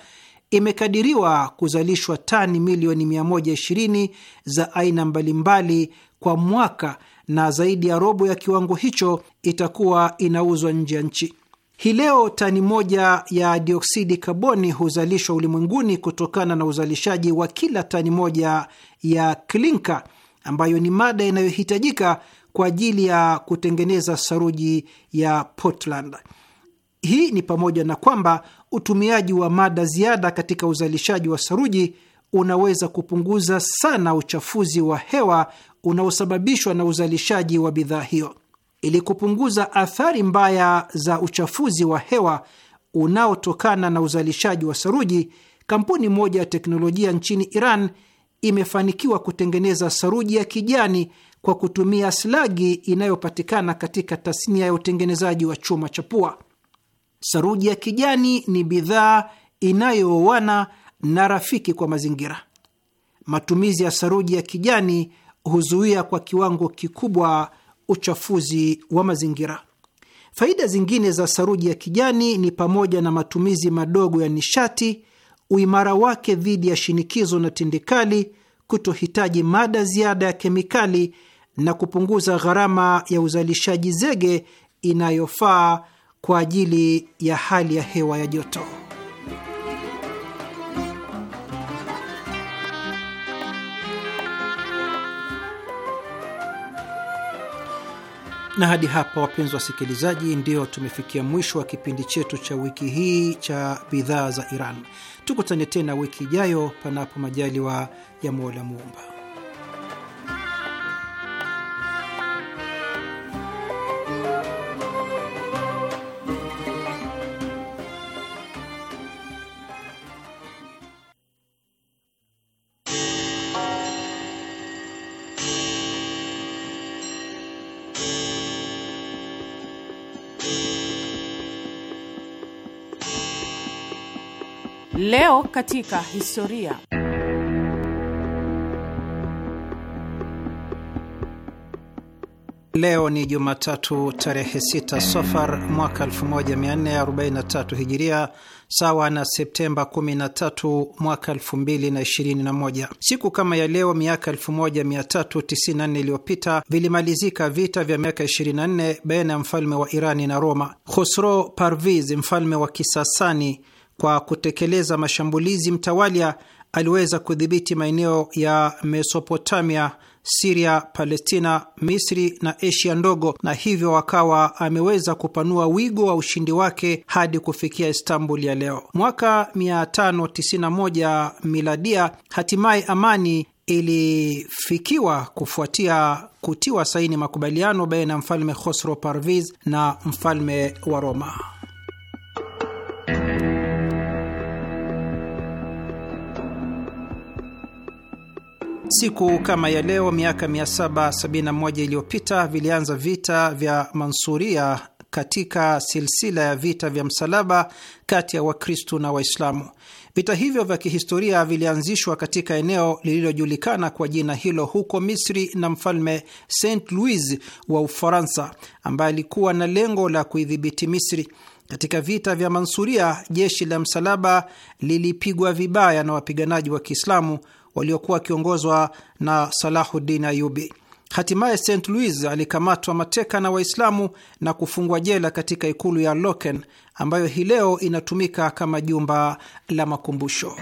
imekadiriwa kuzalishwa tani milioni 120 za aina mbalimbali kwa mwaka, na zaidi ya robo ya kiwango hicho itakuwa inauzwa nje ya nchi. Hii leo tani moja ya dioksidi kaboni huzalishwa ulimwenguni kutokana na uzalishaji wa kila tani moja ya klinka, ambayo ni mada inayohitajika kwa ajili ya kutengeneza saruji ya Portland. Hii ni pamoja na kwamba utumiaji wa mada ziada katika uzalishaji wa saruji unaweza kupunguza sana uchafuzi wa hewa unaosababishwa na uzalishaji wa bidhaa hiyo ili kupunguza athari mbaya za uchafuzi wa hewa unaotokana na uzalishaji wa saruji, kampuni moja ya teknolojia nchini Iran imefanikiwa kutengeneza saruji ya kijani kwa kutumia slagi inayopatikana katika tasnia ya utengenezaji wa chuma cha pua. Saruji ya kijani ni bidhaa inayooana na rafiki kwa mazingira. Matumizi ya saruji ya kijani huzuia kwa kiwango kikubwa uchafuzi wa mazingira. Faida zingine za saruji ya kijani ni pamoja na matumizi madogo ya nishati, uimara wake dhidi ya shinikizo na tindikali, kutohitaji mada ziada ya kemikali na kupunguza gharama ya uzalishaji zege inayofaa kwa ajili ya hali ya hewa ya joto. Na hadi hapa, wapenzi wasikilizaji, ndio tumefikia mwisho wa kipindi chetu cha wiki hii cha bidhaa za Iran. Tukutane tena wiki ijayo, panapo majaliwa ya Mola Muumba. Leo katika historia. Leo ni Jumatatu tarehe 6 Safar mwaka 1443 Hijiria, sawa na Septemba 13 mwaka 2021. Siku kama ya leo miaka 1394 iliyopita vilimalizika vita vya miaka 24 baina ya mfalme wa Irani na Roma. Khosro Parviz, mfalme wa Kisasani kwa kutekeleza mashambulizi mtawalia aliweza kudhibiti maeneo ya Mesopotamia, Siria, Palestina, Misri na Asia ndogo, na hivyo akawa ameweza kupanua wigo wa ushindi wake hadi kufikia Istanbul ya leo. Mwaka 591 miladia, hatimaye amani ilifikiwa kufuatia kutiwa saini makubaliano baina ya mfalme Khosro Parvis na mfalme wa Roma. Siku kama ya leo miaka 771 iliyopita vilianza vita vya Mansuria katika silsila ya vita vya msalaba kati ya Wakristu na Waislamu. Vita hivyo vya kihistoria vilianzishwa katika eneo lililojulikana kwa jina hilo huko Misri na mfalme St Louis wa Ufaransa, ambaye alikuwa na lengo la kuidhibiti Misri. Katika vita vya Mansuria, jeshi la msalaba lilipigwa vibaya na wapiganaji wa Kiislamu waliokuwa wakiongozwa na Salahuddin Ayubi. Hatimaye St Louis alikamatwa mateka na Waislamu na kufungwa jela katika ikulu ya Loken ambayo hii leo inatumika kama jumba la makumbusho.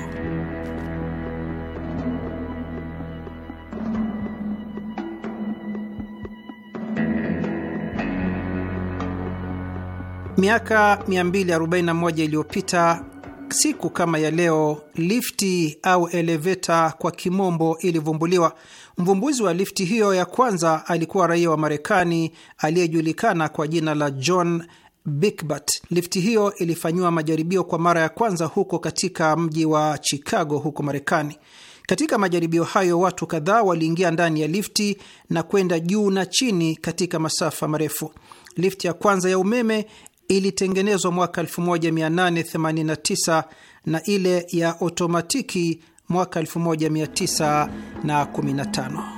Miaka 241 iliyopita siku kama ya leo lifti au eleveta kwa kimombo ilivumbuliwa. Mvumbuzi wa lifti hiyo ya kwanza alikuwa raia wa Marekani aliyejulikana kwa jina la John Bikbat. Lifti hiyo ilifanyiwa majaribio kwa mara ya kwanza huko katika mji wa Chicago huko Marekani. Katika majaribio hayo, watu kadhaa waliingia ndani ya lifti na kwenda juu na chini katika masafa marefu. Lifti ya kwanza ya umeme ilitengenezwa mwaka 1889 na ile ya otomatiki mwaka 1915.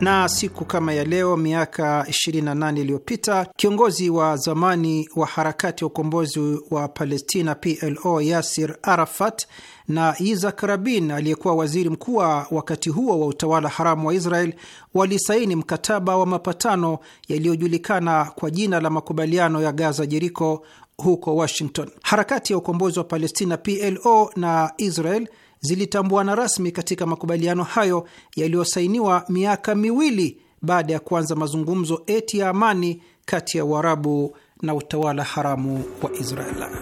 na siku kama ya leo miaka 28 iliyopita kiongozi wa zamani wa harakati ya ukombozi wa Palestina PLO Yasir Arafat na Yitzhak Rabin aliyekuwa waziri mkuu wa wakati huo wa utawala haramu wa Israel walisaini mkataba wa mapatano yaliyojulikana kwa jina la makubaliano ya Gaza Jeriko huko Washington. Harakati ya ukombozi wa Palestina PLO na Israel zilitambuana rasmi katika makubaliano hayo yaliyosainiwa miaka miwili baada ya kuanza mazungumzo eti ya amani kati ya Uarabu na utawala haramu wa Israel.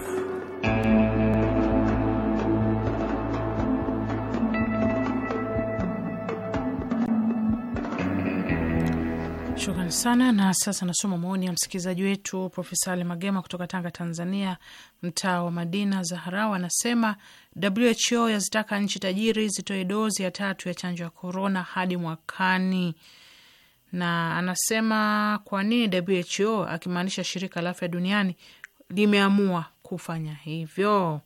Shukrani sana. Na sasa nasoma maoni ya msikilizaji wetu Profesa Ali Magema kutoka Tanga, Tanzania, mtaa wa Madina Zaharau, anasema WHO yazitaka nchi tajiri zitoe dozi ya tatu ya chanjo ya korona hadi mwakani, na anasema kwa nini WHO akimaanisha shirika la afya duniani limeamua kufanya hivyo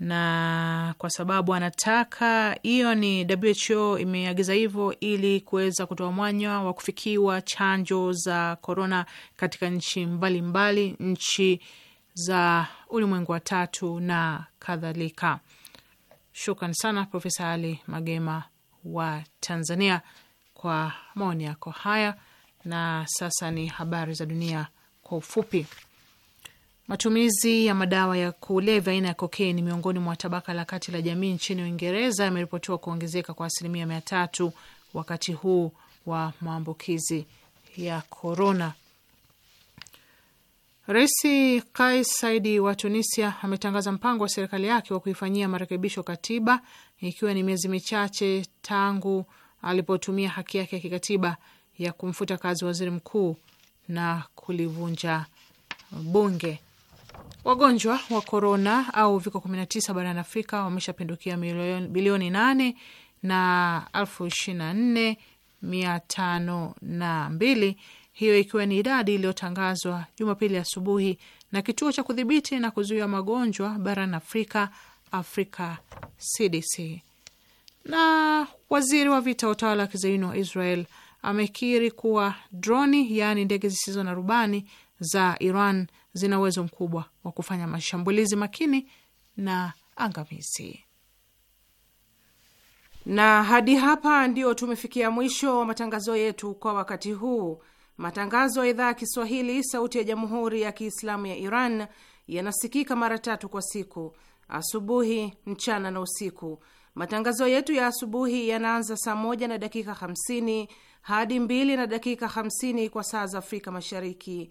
na kwa sababu anataka hiyo, ni WHO imeagiza hivyo ili kuweza kutoa mwanya wa kufikiwa chanjo za korona katika nchi mbalimbali mbali, nchi za ulimwengu wa tatu na kadhalika. Shukran sana Profesa Ali Magema wa Tanzania kwa maoni yako haya, na sasa ni habari za dunia kwa ufupi. Matumizi ya madawa ya kulevya aina ya kokeini miongoni mwa tabaka la kati la jamii nchini Uingereza yameripotiwa kuongezeka kwa asilimia mia tatu wakati huu wa maambukizi ya korona. Rais Kais Saidi wa Tunisia ametangaza mpango wa serikali yake wa kuifanyia marekebisho katiba, ikiwa ni miezi michache tangu alipotumia haki yake ya kikatiba ya kumfuta kazi waziri mkuu na kulivunja bunge. Wagonjwa wa korona au uviko 19 barani Afrika wameshapindukia bilioni 8 na elfu ishirini na nne mia tano na mbili, hiyo ikiwa ni idadi iliyotangazwa Jumapili asubuhi na kituo cha kudhibiti na kuzuia magonjwa barani Afrika, Africa CDC. Na waziri wa vita wa utawala wa kizaini wa Israel amekiri kuwa droni, yaani ndege zisizo na rubani za Iran zina uwezo mkubwa wa kufanya mashambulizi makini na angamizi. Na hadi hapa ndio tumefikia mwisho wa matangazo yetu kwa wakati huu. Matangazo ya idhaa ya Kiswahili, sauti ya jamhuri ya kiislamu ya Iran yanasikika mara tatu kwa siku: asubuhi, mchana na usiku. Matangazo yetu ya asubuhi yanaanza saa moja na dakika hamsini hadi mbili na dakika hamsini kwa saa za Afrika Mashariki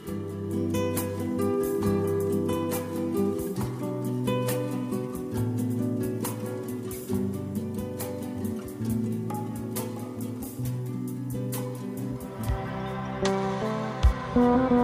Mm-hmm.